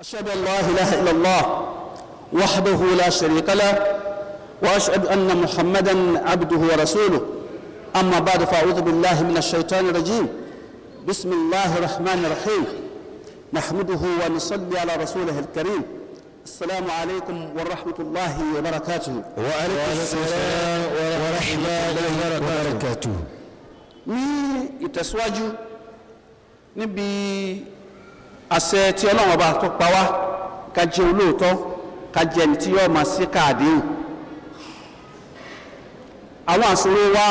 أشهد أن لا إله إلا الله وحده لا شريك له وأشهد أن محمدا عبده ورسوله أما بعد فأعوذ بالله من الشيطان الرجيم بسم الله الرحمن الرحيم نحمده ونصلي على رسوله الكريم السلام عليكم ورحمة الله وبركاته وعليكم السلام ورحمة الله وبركاته ni يتسواجو نبي àṣẹ tí ọlọ́run ọba tó pa wá ká jẹ olóòótọ́ ká jẹ ẹni tí yóò máa ṣe káàdéhùn àwọn àṣòro wa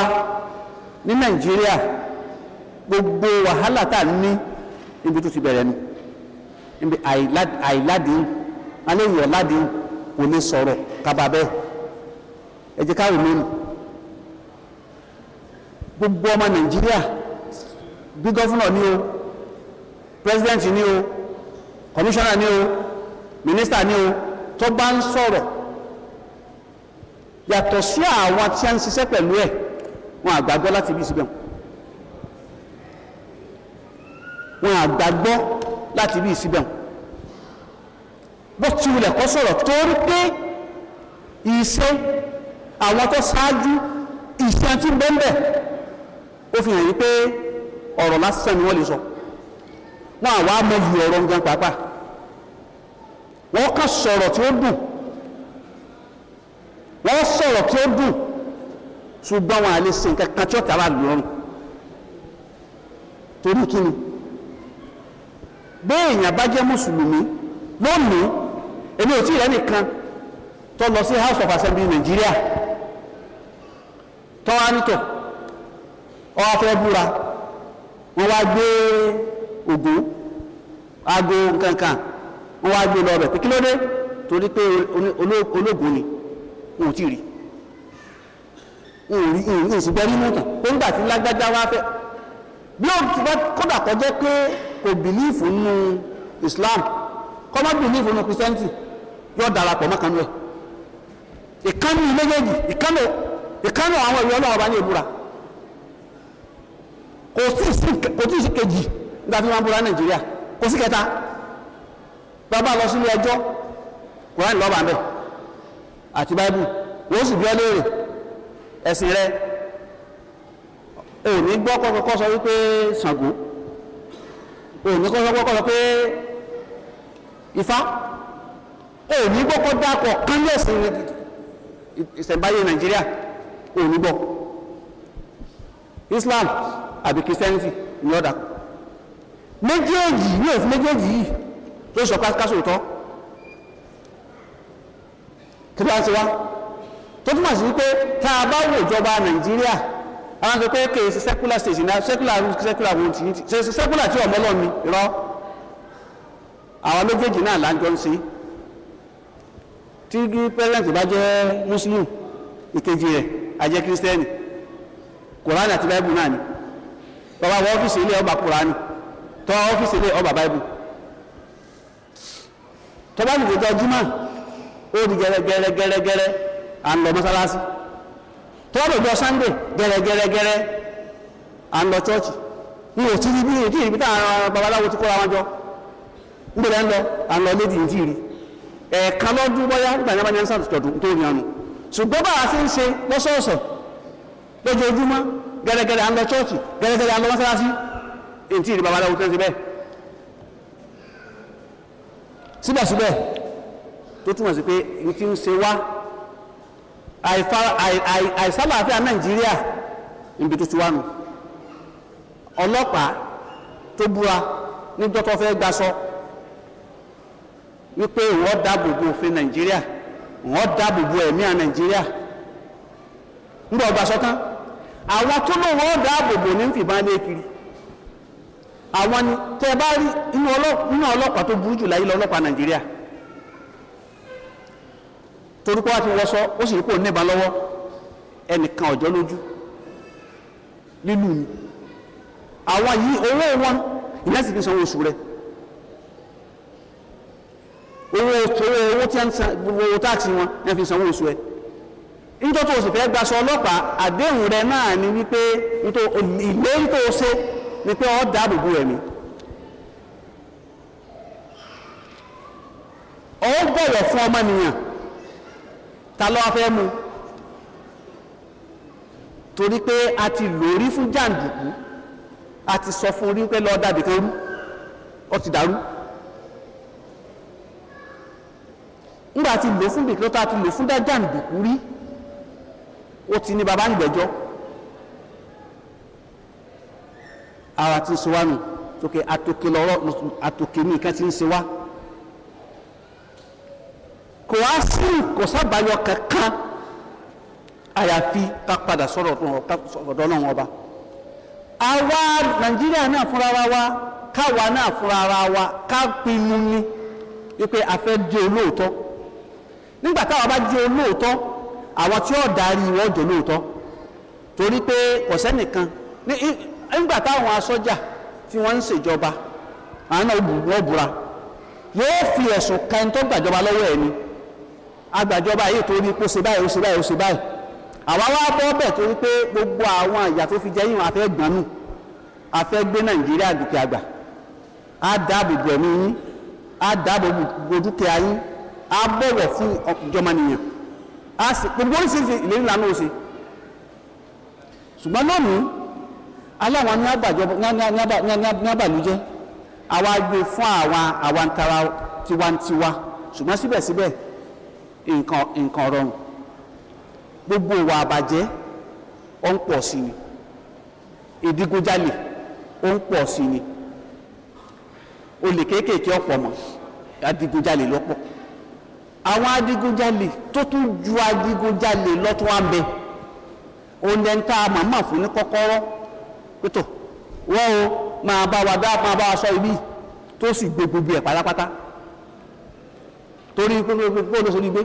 ní nàìjíríà gbogbo wàhálà tá a ní níbi tó ti bẹ̀rẹ̀ nu níbi àìládìí aléyìn ọ̀ládìí kò lè sọ̀rọ̀ kaba bẹ́ẹ̀ ẹ jẹ́ gbogbo ọmọ nàìjíríà bí gọ́fúnà ni o president ni o commissioner ni o minister ni o tó bá ń sọ̀rọ̀ yàtọ̀ sí àwọn tí a ń ṣiṣẹ́ pẹ̀lú ẹ̀ wọn àgbàgbọ́ láti ibi síbẹ̀ wọn àgbàgbọ́ láti ibi síbẹ̀ bó ti wulẹ̀ kọ́ sọ̀rọ̀ torí pé iṣẹ́ àwọn tó ṣáájú iṣẹ́ tí ń bẹ́ńbẹ̀ ó fi hàn yí pé ọ̀rọ̀ lásán ni wọ́n lè sọ. So wọn àwa mọyì ọ̀rọ̀ nǹkan pàápàá wọn kàn sọ̀rọ̀ tí ó dùn wọn sọ̀rọ̀ tí ó dùn ṣùgbọ́n wọn à lè ṣe tí ó tàbá lọ́rùn torí kí bẹ́ẹ̀ èèyàn bá jẹ́ mùsùlùmí lónìí èmi ò tí ì rẹ́nìkan tó lọ sí house of assembly nàìjíríà tó wá nítọ̀ ọ wá búra wọn wá gbé ògo aago nkankan wọ́n wá gbé lọ bẹ̀ pé kí ló dé torí pé ológun ni wọn ò tí rí n sì gbẹ́rí mọ́tò pé nígbà tí lágbájá wá fẹ́ bí ó ti bá kódà kó jẹ́ pé kò bìlífù nínú Islam kò má bìlífù nínú Christianity yóò darapọ̀ mọ́kànlú ẹ̀ ìkànnì méjèèjì ìkànnì ìkànnì àwọn ìwé ọlọ́wọ́ bá ní ìbúra kò tí ì sí kejì nígbà tí wọ́n búra nàìjíríà kò sí kẹta bàbá lọ sílé ẹjọ́ kùránì lọ́ba ń bẹ̀ àti báíbù wọ́n sì bí ọ léèrè ẹ̀sìn rẹ òní gbọ́ kọ́kọ́ sọ wípé Ṣàngó òní kọ́kọ́ sọ pé Ifá òní gbọ́kọ́ dákọ̀ kánú ẹ̀sìn Nàìjíríà òní gbọ́ Islam àbí Christianity ni ọ̀dàkọ̀ méjèèjì ní òfin méjèèjì yìí ló sọ káṣò tán kí ló wá sí wa tó túmọ̀ sí pé tá a bá wò ìjọba nàìjíríà àwọn sọ pé kèé secular state ní secular rules secular wọn ti ṣe secular tí ọmọ ọlọ́run ni rọ àwọn méjèèjì náà lájọ ń ṣe tí pẹ́rẹ́ǹtì bá jẹ́ muslim ìkejì rẹ̀ ajẹ́ kírísítẹ́nì kòránì àti báíbù náà ni bàbá wọ́n ọ́fíìsì ilé ọba kòránì tọ́ ọ́fíìsì ilé ọba báìbù tọ́ bá nìkan tọ́ júmọ́ ó di gẹ́rẹ́gẹ́rẹ́gẹ́rẹ́ à ń lọ mọ́sálásí tọ́ bá dọ̀jọ́ sànńdé gẹ́rẹ́gẹ́rẹ́gẹ́rẹ́ à ń lọ chọ́ọ̀chì n ò tí ibi ìdí ìbí táwọn ọmọ babaláwo ti kóra wọn jọ ń bẹ̀rẹ̀ ń lọ à ń lọ lédi ìdí ìrí ẹ̀ẹ̀kan lọ́dún bọ́yá nígbà yẹn bá yẹn ń sàtúntò tó yàn nù ṣùgbọ́n bá a ti ń ṣe lọ́sọ̀ọ̀sẹ̀ lójoojúmọ́ gẹ́gẹ́gẹ́ à ń lọ chọ́ọ̀chì gẹ́gẹ́gẹ́ à ń lọ mọ́sálásí ntí ìdí babaláwo tán ti bẹ́ẹ̀ síbẹ̀síbẹ̀ tó túmọ̀ sí pé n ti ń ṣe wá àìsálàáfíà nàìjíríà níbi tó ti wá nù ọlọ́pàá tó búra ní dọ́tọ́ fẹ́ gbaṣọ wípé wọ́n dáàbò bo òfin nàìjíríà wọ́n dáàbò bo ẹ̀mí à nàìjíríà ń bọ̀ gbaṣọ tán àwọn tó lóun wọ́n dáàbò bo ní fìbọn lé kiri àwọn ni tẹ́ bá rí inú ọlọ́pàá tó burú jù láyé lọ́lọ́pàá nàìjíríà torúkọ wá fi wọ́sọ́ ó sì rí pò níbà lọ́wọ́ ẹnìkan ọ̀jọ́ lójú àwọn yìí owó wọn fi sanwó oṣù rẹ. owó owó tí san wọn ni pé ọ dáàbò bo ẹ̀mí ọ bọ̀wọ̀ fún ọmọnìyàn ta ló fẹ́ mu torí pé a ti lórí fún jàǹdùkú a ti sọ fún orí pé lọ́ọ́ dàbí kan ọ ti dàrú n'gbà tí lò fún lò fún jàǹdùkú ara ti ń ṣe wá nù tókè àtòkè lọ́rọ̀ àtòkè ní ìkan ti ń ṣe wá kò á sí kò sábàáyọ kankan àyàfi ká padà sọ̀rọ̀ ọ̀dọ́ náà ọba àwa nàìjíríà náà fúnra wa wa káwa náà fúnra ara wa ká pinnu ni wípé a fẹ́ jẹ́ olóòótọ́ nígbà táwa bá jẹ́ olóòótọ́ àwọn tí ó darí wọ́n jẹ́ olóòótọ́ torí pé kò sẹ́nìkan ní ngba táwọn asọ́jà tí wọ́n ń ṣèjọba àwọn náà yóò fi ẹ̀sùn kan tó gbàjọba lọ́wọ́ ẹni agbàjọba yìí torí kó ṣe báyìí ó ṣe báyìí ó báyìí àwa wá bọ́ bẹ̀ gbogbo àwọn àyà tó fi jẹ́ yìí wọn àfẹ́ gbọ́n nàìjíríà fún á sì gbogbo oríṣiríṣi ìlérí aláwọn ní àgbàjọba ní àbàlújẹ́ àwa gbé fún àwa àwa ń tara tiwantiwa ṣùgbọ́n síbẹ̀síbẹ̀ nǹkan rọrùn gbogbo ìwà àbàjẹ́ ó ń pọ̀ sí ni ó ń pọ̀ sí ni olè kéékèèké ọ̀pọ̀ mọ́ adigunjalè lọ́pọ̀ àwọn adigunjalè tó tún ju adigunjalè lọ́tún wá ń màmá fún ní kọ́kọ́rọ́ pẹ̀tọ̀ wọ́n o máa bá wa dá máa bá wa sọ ibi tó sì gbé gbogbo ẹ̀ pátápátá torí gbogbo ló sórí gbé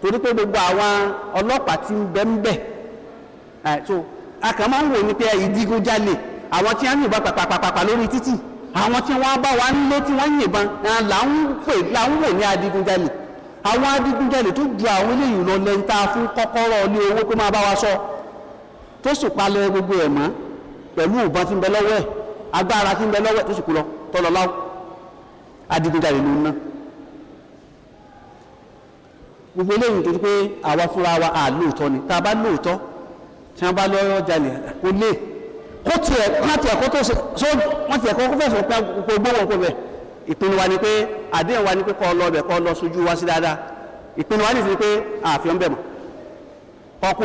torí pé gbogbo àwọn ọlọ́pàá ti ń bẹ ń bẹ̀ so a kàn máa ń wò ní pé ìdígunjalè àwọn tí wọ́n ń yìnbọn pàpàpàpà lórí títì àwọn tí wọ́n bá wa nílé tí wọ́n yìnbọn làwọn pè làwọn ní àwọn ju àwọn eléyìí lọ tó sì palẹ̀ gbogbo ẹ̀ pẹ̀lú ìbọn tí ń bẹ lọ́wọ́ ẹ̀ agbára tí ń bẹ lọ́wọ́ ẹ̀ tó sì kú lọ tọ́lọ láwọ́ adigunjalè ló ná gbogbo eléyìí tó ti pé àwa fúnra wa à lóòótọ́ ni tá a bá lóòótọ́ tí wọ́n bá lọ́yọ́ jalè kò lè kó tiẹ̀ wọ́n tiẹ̀ kó tó so wọ́n tiẹ̀ kó fẹ̀sùn pa gbogbo wọn kó bẹ̀ ìpinnu wa ni pé àdéhùn wa ni pé kọ́ lọ bẹ̀ kọ́ lọ sójú wa sí dáadáa ìpinnu wa ni sí pé àfihàn bẹ̀ mọ́ kọ́ kù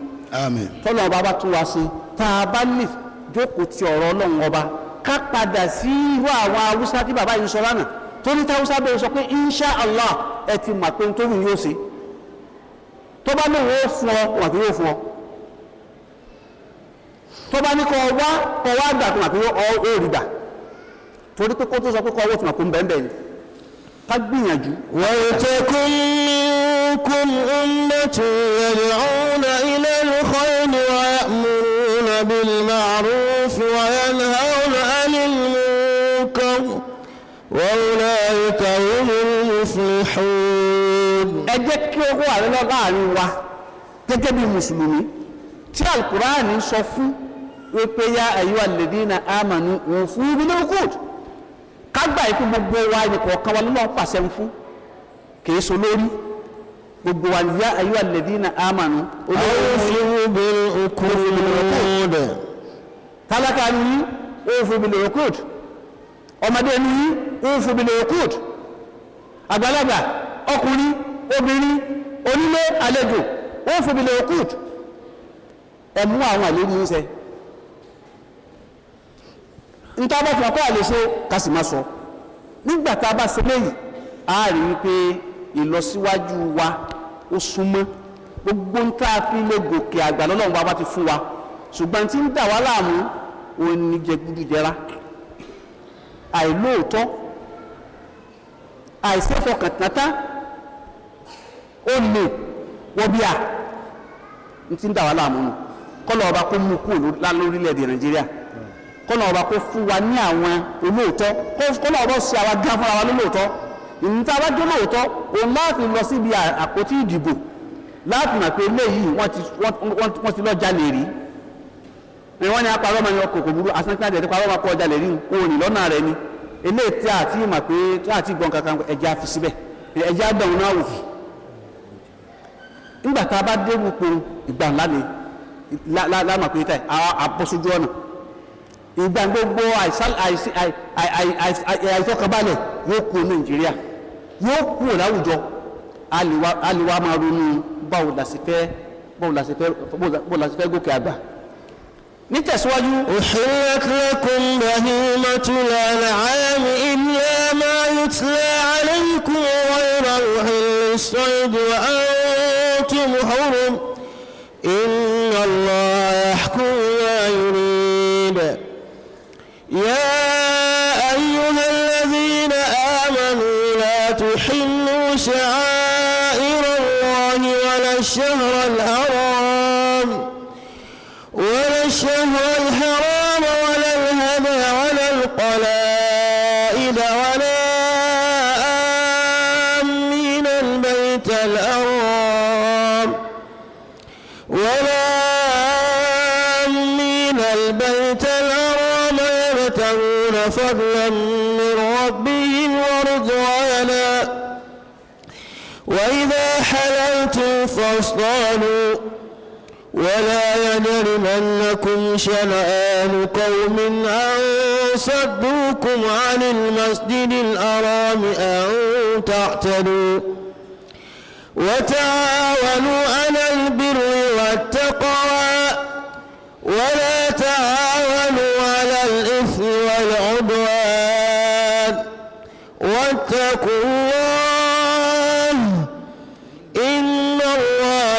àmín tọ́lọ́run ọba bá tún wá sí tá a bá lè jókòó ti ọ̀rọ̀ ọlọ́run ọba ká padà sí irú àwọn haúsá tí bàbá yìí sọ lánàá torí tí haúsá bẹ̀rẹ̀ sọ pé insha allah ẹ ti mà pé nítorí yóò ṣe tó bá lóun ó fún ọ wà tó yóò fún ọ tó bá ní kọ wá kọ wá gbà tó mà pé ó rí gbà torí pé kó tó sọ pé kọ owó tó mà pé ń bẹ́ẹ̀ bẹ́ẹ̀ ni ká gbìyànjú. wọ́n ti kún mi. كل أمة يدعون إلى الخير ويأمرون بالمعروف وينهون عن المنكر وأولئك هم المفلحون ẹ jẹ́ kí ó wà láàrin wa gẹ́gẹ́ bí mùsùlùmí tí alukur'ani sọ fún wípé yá ayuha alladhina amanu òfin ìbílẹ̀ òkúùd kágbà ikú gbogbo wa ẹnì kọ̀ọ̀kan wa lọ́nà pàṣẹ ń fún kì í so lórí. gbogbo wa yá ayé alẹ́dínà àmànù olóòfin tálákà ní òfòbìlẹ̀ òkúd ọmọdé ní òfòbìlẹ̀ òkúd àgbàlagbà ọkùnrin obìnrin onílé àlejò òfòbìlẹ̀ òkúd ẹ̀mú àwọn àlejò ń sẹ nítorí ọkọ̀ àlejò kásìmá sọ nígbàtà bá ṣe léyìí a rí wípé ìlọsíwájú wa ó súnmọ́ gbogbo ń tá a fi lè gòkè àgbà lọ́lọ́run bá bá ti fún wa ṣùgbọ́n tí ń dà wá láàmú òun ni jẹgúdújẹrá àìlóòótọ́ àìṣẹ́fọkàntátá ó lè wọ́bíà ń ti ń dà wá láàmú nù kọ́lọ̀ ọba kó mú kúrò lórílẹ̀‐èdè nàìjíríà kọ́lọ̀ ọba kó fún wa ní àwọn olóòótọ́ kọ́lọ̀ ọba ó ṣe àwa gán fúnra wa lólóòótọ́ ìyíntà bá jó lóòótọ́ o láàfin lọ síbi àpótí ìdìbò láàfin àpé eléyìí wọ́n ti lọ lè rí ni wọ́n ní ọmọ yẹn ọkọ̀ kò burú asánkí àti ẹ̀dẹ́pàrọ̀ ọmọ akọ̀ lè rí òun ní lọ́nà rẹ̀ ni tí pé tí kankan ẹ̀jẹ̀ síbẹ̀ ẹ̀jẹ̀ náà wò nígbà tá a bá dé wípé ìgbà ńlá ni pé ọ̀nà ìgbà gbogbo yóò yóò kúrò láwùjọ a lè wá máa ronú báwo la sì fẹ́ báwo la sì fẹ́ báwo la sì fẹ́ gòkè àgbà nítẹ̀síwájú. uhillat lakum bahimatul an'am illa ma yutla alaykum ghayra uhillis sayd wa antum شعائر الله ولا الشهر الحرام ولا الشهر الحرام ولا الهدى ولا القلائد ولا آمين البيت الأرام ولا خصال ولا يجرمنكم شنآن قوم أن صدوكم عن المسجد الحرام أن تعتدوا وتعاونوا على البر والتقوى ولا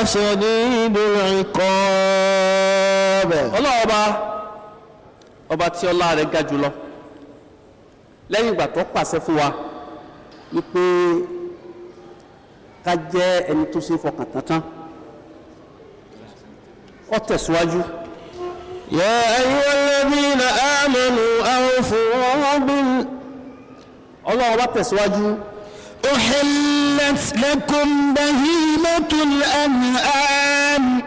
شديد العقاب ọlọ́run ọba ọba tí ọlá rẹ̀ ga jùlọ lẹ́yìn ìgbà tó pàṣẹ fún wa wípé ká jẹ́ ẹni tó ṣe fọkàn tán tán ó tẹ̀síwájú. yā ayyuhalladhīna āmanū awfū bil. ọlọ́run ọba tẹ̀síwájú. أحلت لكم بهيمة الأنعام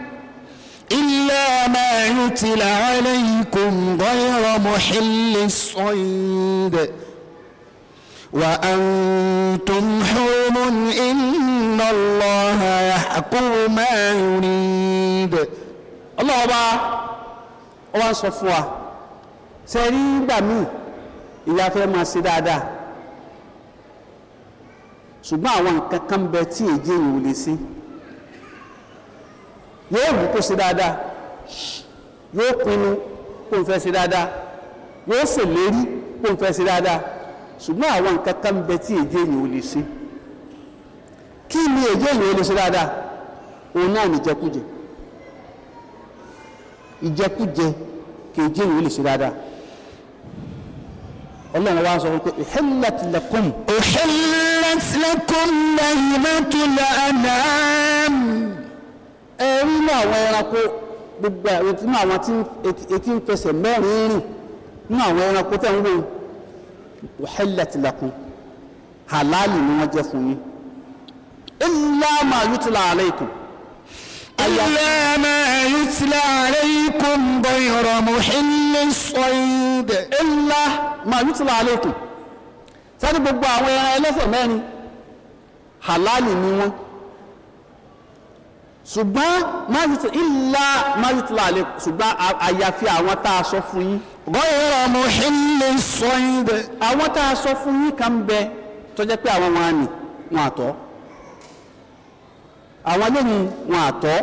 إلا ما يتلى عليكم غير محل الصيد وأنتم حرم إن الله يحكم ما يريد الله أبا الله صفوة سيري بامي إذا فيما سيدادا ṣùgbọ́n àwọn nǹkan kan bẹ tí èjì èyàn ò lè sí yóò wù kó ṣe dáadáa yóò pinnu kó n fẹ́ ṣe dáadáa yóò ṣèlérí kó n fẹ́ ṣe dáadáa ṣùgbọ́n àwọn nǹkan kan bẹ tí èjì èyàn ò lè sí kí ni èjì èyàn ò lè ṣe dáadáa òun náà ní ìjẹkújẹ ìjẹkújẹ kì í jẹ́ èyàn ṣe dáadáa ọlọ́run wá sọ wípé uhillat lakum. uhillat lakum laylatul an'am. ẹ rí inú àwọn ẹranko gbogbo inú àwọn etí ń fẹsẹ̀ mẹ́rin rìn inú àwọn ẹranko tẹ̀ ń wò uhillat lakum halali ni wọ́n jẹ́ fún yín. illa ma yutla alaykum. إلا ما عليكم غير محل الصيد إلا ما يتلى عليكم sani gbogbo àwọn ẹran ẹlẹ́sẹ̀ mẹ́rin halali ni wọ́n ṣùgbọ́n máyìtì ìlà máyìtì làlẹ́ ṣùgbọ́n àyàfi àwọn tá a sọ fún yín. gọ́yọ̀rọ̀ mo hílẹ̀ sọ yín bẹ́ẹ̀. àwọn tá a sọ fún yín kan bẹ tó pé àwọn wọn á wọn àtọ́ àwọn lóhun wọn àtọ́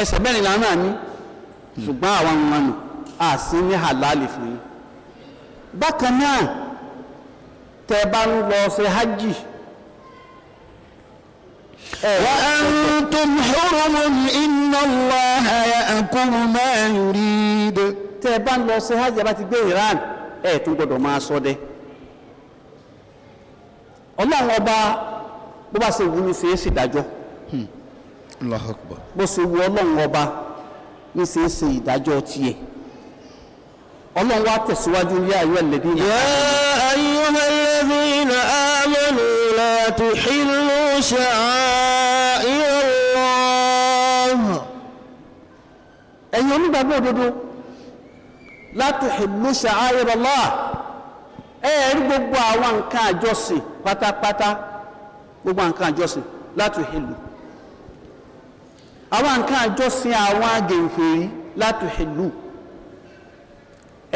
ẹsẹ̀ mẹ́rin la náà ní hmm. ṣùgbọ́n àwọn wọn nù á sí ní halali fún yín bákan náà tẹ́ bá ń lọ ṣe hajj وأنتم حرم إن الله يأكل ما يريد tẹ́ ẹ bá ń lọ ṣe hajj bá ti gbé Iran ẹ tún gbọdọ̀ máa ṣọdẹ Ọlọ́run ọba bó bá ṣe wù ní ṣe é ṣèdájọ́ Hmm. bó ṣe wu ọlọ́run ọba ní ṣe é ṣe ìdájọ́ tiẹ̀ ọlọ́run wa tẹ̀síwájú ní ayọ̀ lẹ́bí náà. yā ayyuhalladhīna āmanū lā tuhillū sha'ā'irallāh. ẹ̀yin onígbàgbọ́ òdodo ẹ rí gbogbo àwọn nǹkan àjọsìn pátápátá gbogbo nǹkan àjọsìn àwọn nǹkan àjọsìn àwọn agèǹfèrí látòhìlú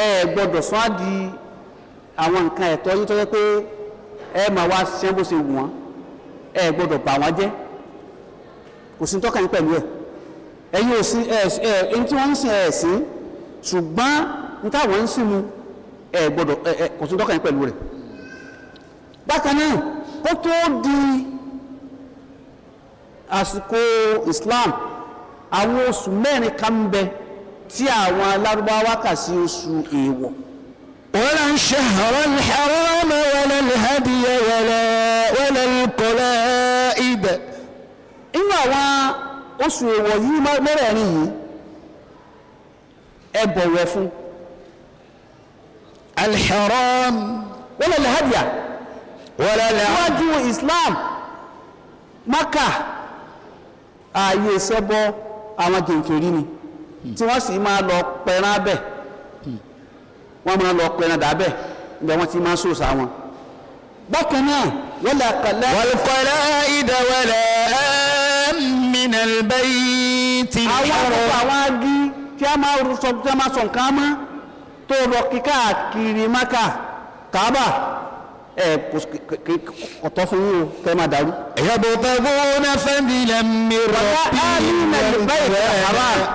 ẹ gbọ́dọ̀ sọ á di àwọn nǹkan ẹ̀tọ́ yìí tó pé ẹ máa wá ṣiṣẹ́ bó ṣe wù wọ́n ẹ gbọ́dọ̀ bà wọ́n jẹ́ kò sí tọ́ka yín pẹ̀lú ẹ̀ ẹ̀yin ò sí ẹ̀ ẹni tí mu ẹ ẹ kò sí tọ́ka yín pẹ̀lú di àsìkò Islam àwọn oṣù mẹ́rin kan bẹ tí àwọn alárúbáwá kà sí oṣù èèwọ̀. ولا الشهر الحرام ولا الهدي ولا ولا القلائد inú àwọn oṣù èèwọ̀ yìí mẹ́rẹ̀ẹ̀rin yìí ẹ bọ̀wọ̀ fún alḥaram wala alhadiya wala alhadiya wájú Islam Makkah ààyè ìṣẹ́bọ àwọn jẹ̀ǹfẹ̀rí ni hmm. tí wọ́n sì máa lọ pẹran abẹ́ hmm. wọ́n máa lọ pẹran dàbẹ́ ibẹ̀ wọ́n ti máa sòsà wọn. bákan náà wala kala. wal qalaida wala min al-bayti. àwọn àkókò àwọn agi tí a máa sọ nǹkan mọ́ tó lọ kíkà kiri maka kaaba ẹ ọ̀tọ́ fún yín o kẹ́ máa dàrú. ẹ̀yà bò bá gbówó náà fẹ́mi lẹ́ mi rọ̀ bíi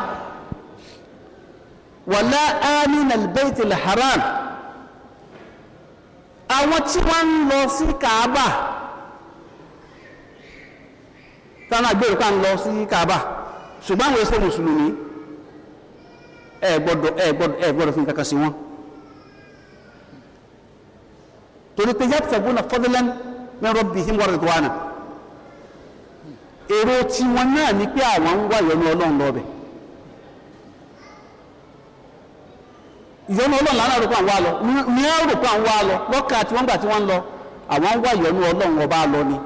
wàlá amina albayt alharam àwọn tí wọ́n ń lọ sí kaaba táwọn agbèrò kan lọ sí kaaba ṣùgbọ́n àwọn ẹsẹ̀ mùsùlùmí ẹ gbọ́dọ̀ ẹ gbọ́dọ̀ ẹ gbọ́dọ̀ fún kankan sí wọn. torí pé yabtaguna fadlan min rabbihim wa ridwana èrò tiwọn náà ni pé àwọn ń wá ìyọnu ọlọ́run lọ́bẹ̀ ìyọnu ọlọ́run lánàá rò pé àwọn wá lọ ní á rò pé àwọn wá lọ lọ́kà tí wọ́n gbà tí wọ́n ń lọ àwọn ń wá ìyọnu ọlọ́run ọba lọ ni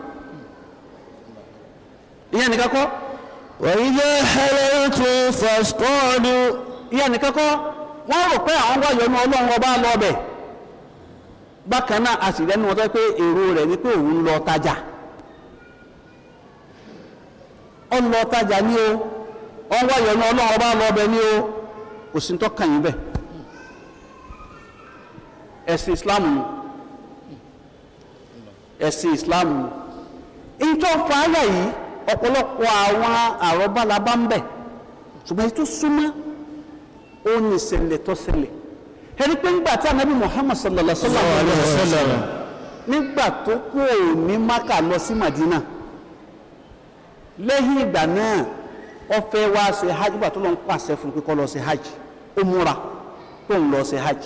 ìyẹn nìkan kọ́. wàyíjẹ́ ẹlẹ́tù fàstọ́ọ̀dù. ìyẹn nìkan kọ́ wọ́n rò pé àwọn wá ìyọnu ọlọ́run ọba lọ́bẹ̀ bákan náà a sì lẹ́nu wọn tó pé èrò rẹ̀ ni pé òun lọ tajà ọ lọ tajà ní o ọ wá ìyọnu ọlọ́run ọba lọ ọbẹ̀ ní o kò sí tó kàn yín bẹ́ẹ̀ ẹ̀sìn Islam ni ẹ̀sìn Islam ni ìtọ́ fàáyà yìí ọ̀pọ̀lọpọ̀ àwọn àrọ́bá la bá ń bẹ̀ ṣùgbọ́n ètò súnmọ́ ó ní ìṣẹ̀lẹ̀ tó ṣẹlẹ̀ ẹni pé nígbà tí anabi muhammad sallallahu alaihi wa sallam nígbà tó kú maka lọ sí madina lẹ́yìn ìgbà náà ó wá ṣe hajj nígbà tó lọ ń pàṣẹ fún kíkọ́ lọ hajj ó múra tó ń lọ hajj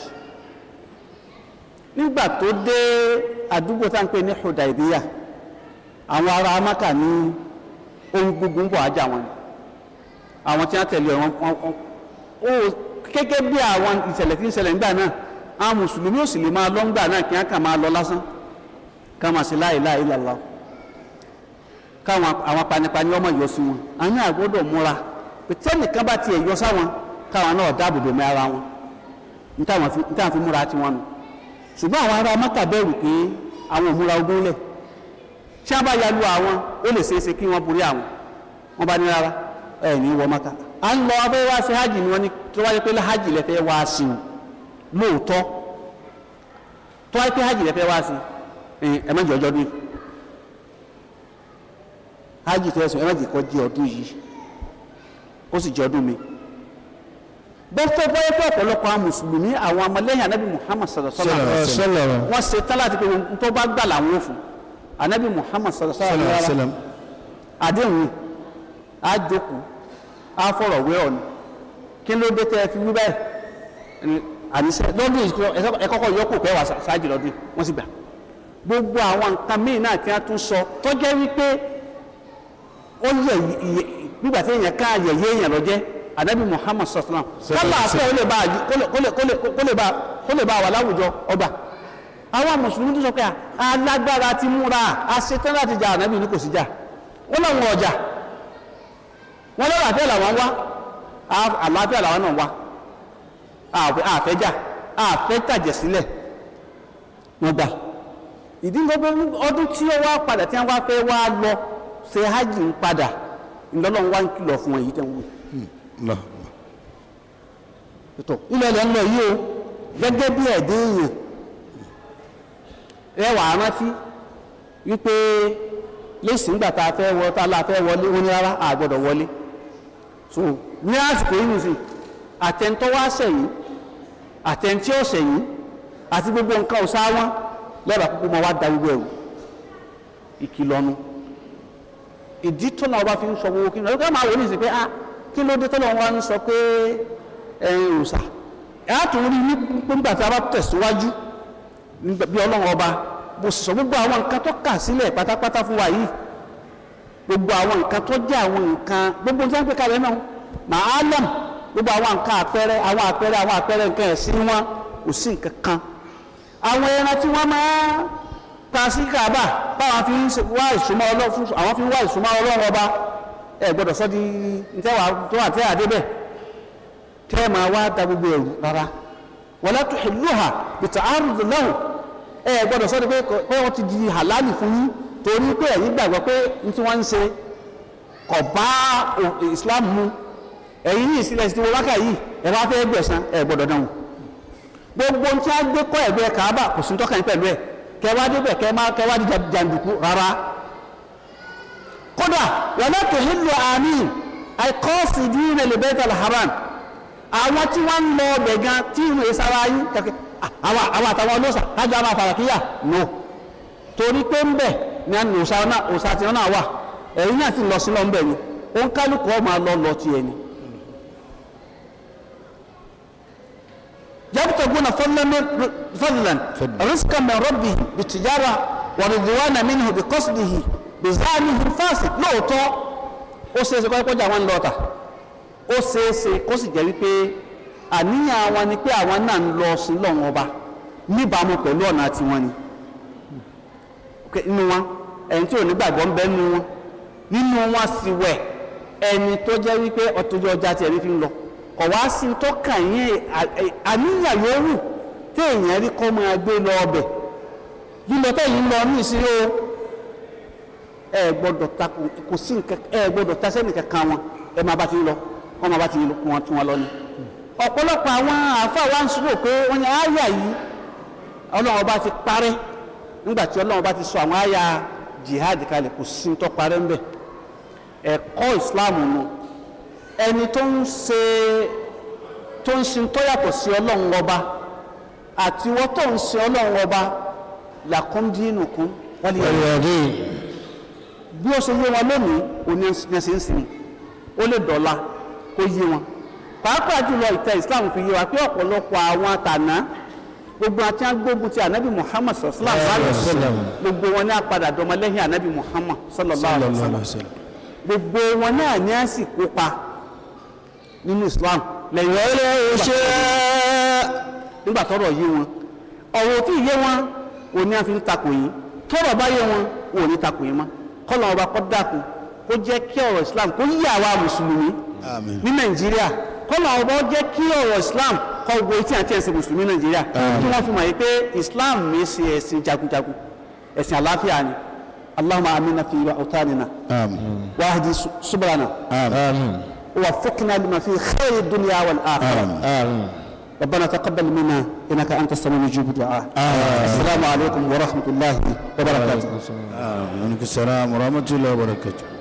nígbà tó dé àdúgbò tá à ń pè maka ní ohun gbogbo ń bọ̀ ajá wọn gẹ́gẹ́ bí àwọn ìṣẹ̀lẹ̀ tí ń ṣẹlẹ̀ nígbà náà àwọn mùsùlùmí ò sì lè máa lọ ńgbà náà kí ka kàn máa lọ lásán ká máa ṣe la ilaha illallah káwọn àwọn panipani ọmọ yọ sí wọn àní àgbọ́dọ̀ múra pé tẹ́nìkan bá tiẹ̀ yọ sáwọn káwọn náà dáàbòbò mẹ́ ara wọn nítawọn fi múra tiwọn nù ṣùgbọ́n àwọn ará mọ́tà bẹ̀rù pé àwọn òmúra ogun lẹ̀ bá yalu a ń lọ afẹ́ wá sí hajj ni wọ́n ní tó wáyé pé hajj lẹ fẹ́ wá sí o lóòótọ́ tó wáyé pé hajj lẹ fẹ́ wá sí ẹ má jẹ́ ọjọ́ bí hajj tó yẹ sùn ẹ má jẹ́ ọdún yìí ó sì ọdún mi àwọn mùsùlùmí àwọn anabi muhammad sallallahu alaihi wọ́n ṣe pé tó bá gbà anabi muhammad sallallahu alaihi àjòkù Afọ ọrụ wé kí ló dé tẹ́ ẹ fi wí bẹ́ẹ̀ àníṣe ẹ yọkù gbogbo àwọn nǹkan míì náà sọ wípé ó yẹ nígbà tí èèyàn ká èèyàn anabi muhammad kó lè ọba àwọn mùsùlùmí tó sọ pé alágbára a ṣetán láti anabi ní kò sí ọjà wọ́n lọ́làáfíà làwọn wá àlàáfíà làwọn náà wá àfẹ́jà àfẹ́tàjẹ̀ sílẹ̀ gbà ìdí gbogbo ọdún tí ó wá padà tí wọ́n wá fẹ wá lọ ṣe hajj ń padà ńlọ́lọ́run wá ń kìlọ̀ fún èyí tẹ́ ń wù. ilẹ̀ ilẹ̀ ń lọ o gẹ́gẹ́ bí ẹ̀dín rántí wípé lẹ́sìn ìgbà la fẹ́ wọlé rárá so ní àsìkò yìí nìsí àtẹ̀ntọ́ wá sẹ̀ yìí àtẹ̀ntí ọ̀sẹ̀ yìí àti gbogbo nǹkan ọ̀sá wọn lẹ́bàá púpọ̀ máa wá da gbogbo ẹ̀rù ìkìlọ̀nu ìdí tọ́lá ọba fi ń sọ gbogbo ni ọ̀rọ̀ máa wò ní ìsìn pé ah kí ló dé tọ́lá wa ń sọ pé ẹ̀yin òòsà ẹ̀ rí ní nígbà tí a tẹ̀síwájú bí ọlọ́run ọba bó sì sọ gbogbo àwọn nǹkan tó kà sílẹ̀ pátápátá fún wa yìí gbogbo àwọn nǹkan tó jẹ́ àwọn nǹkan gbogbo tí wọ́n pè kalẹ̀ náà màálàm gbogbo àwọn nǹkan àpẹẹrẹ àwọn àpẹẹrẹ àwọn àpẹẹrẹ nǹkan ẹ̀sìn wọn kò sí nǹkan kan àwọn ẹran tí wọ́n máa ta sí kàbà báwọn fi ń wá ìsúnmọ́ ọlọ́run àwọn fi ń wá ìsúnmọ́ ọlọ́run ọba ẹ gbọ́dọ̀ sọ di ntẹ́wàá tó wà tẹ́ àdébẹ̀ tẹ́ ẹ máa wá da gbogbo ẹ̀rù rárá wala tuhilluha ìtàn àrùn lọ́hùn ẹ gbọ́dọ̀ sọ di pé wọ́n ti di halali fún yín torí pé ẹ̀yin gbàgbọ́ pé n tí wọ́n ń ṣe kò bá Islam mu ẹ̀yin yìí sílẹ̀ sí wákà yìí ẹ̀ wá fẹ́ gbẹ̀san ẹ̀ gbọ́dọ̀ dánwò gbogbo tí wọ́n gbé kọ́ ẹ̀gbẹ́ Kaaba kò sí tọ́ka yín pẹ̀lú ẹ̀ kẹ́ débẹ̀ kẹ́ máa di jàǹdùkú rárá kódà wala tuhillu àmì àìkọ́sì dínà lè bẹ́ẹ̀ tẹ̀lé haram àwọn tí wọ́n ń lọ ọbẹ̀ gan tí ìwé sára yín kẹ́kẹ́ ah, àwọn àtàwọn ọlọ́sà ájá máa fàràkíyà no torí pé ń bẹ̀ ní àná òòṣà tí awa náà wà ẹ̀yìn náà sì lọ sí lọ́nbẹ̀ ni ó ń lọ ti ẹni. يبتغون فضلا رزقا من ربه بالتجارة ورضوانا منه بقصده بزعمه الفاسد lóòótọ́ ó ṣe é ṣe kọ́kọ́ jà wọ́n ó ṣe é ṣe kó sì jẹ́ wípé àníyàn àwọn ni pé àwọn náà ń ọba níbàámu pẹ̀lú ọ̀nà nínú wọn ẹni tí ò nígbàgbọ́ ń bẹ nínú wọn nínú wọn sì wẹ̀ ẹni tó jẹ́ wípé ọjà tí ẹni fi ń lọ kọ̀ wá sí tọ́kàn yẹn àníyàn tí èèyàn rí kọ́ máa gbé lọ ọbẹ̀ lílọ tẹ́yìn ń lọ ní ìṣirò ẹ gbọ́dọ̀ ta kò sí ẹ ta kankan wọn ẹ máa bá ti lọ ọba ti nígbàtí ọlọ́run bá ti sọ àwọn àyà jihad kalẹ̀ kò sí tó parẹ́ ńbẹ̀ ẹ̀kọ́ islam nu ẹni tó ń ṣe tó ń sin tó yàtọ̀ sí ọlọ́run ọba àti wọ́n tó ń sin ọlọ́run ọba làkún dínú kún wọ́n bí ó ṣe yé wọn lónìí òní ẹsẹ̀ ń sin ó lè dọ̀la kó yé wọn pàápàá jùlọ ìtẹ́ islam fi yé wa pé ọ̀pọ̀lọpọ̀ àwọn àtàná gbogbo àti agbógun ti anabi muhammad sallallahu alayhi wa sallam gbogbo wọn ní apadà dọmọlẹ́yìn anabi muhammad sallallahu alayhi wa sallam gbogbo wọn náà ní àsì kópa nínú islam lẹ́yìn ọ̀rẹ́ ṣe nígbà tọ́rọ̀ yé wọn ọ̀rọ̀ tí yé wọn ò ní a fi ń takò yín tọ́rọ̀ bá yé wọn ò ní takò yín mọ́ kọ́lọ̀ ọba kọ́ dákun kó jẹ́ kí ọ̀rọ̀ islam kó yí àwa mùsùlùmí ní nàìjíríà kọ́lọ̀ ọba jẹ́ kí ọ̀rọ̀ islam kọ́ gbogbo etí àti ẹ̀sìn mùsùlùmí nàìjíríà kí wọ́n fi mọ̀ pé islam mi ṣe ẹ̀sìn jagunjagun ẹ̀sìn àlàáfíà ni allahumma amina fi awtanina wahdi subrana ووفقنا لما فيه خير الدنيا والآخرة آمين. ربنا تقبل منا إنك أنت السميع المجيب الدعاء السلام عليكم ورحمة الله وبركاته وعليكم السلام ورحمة الله وبركاته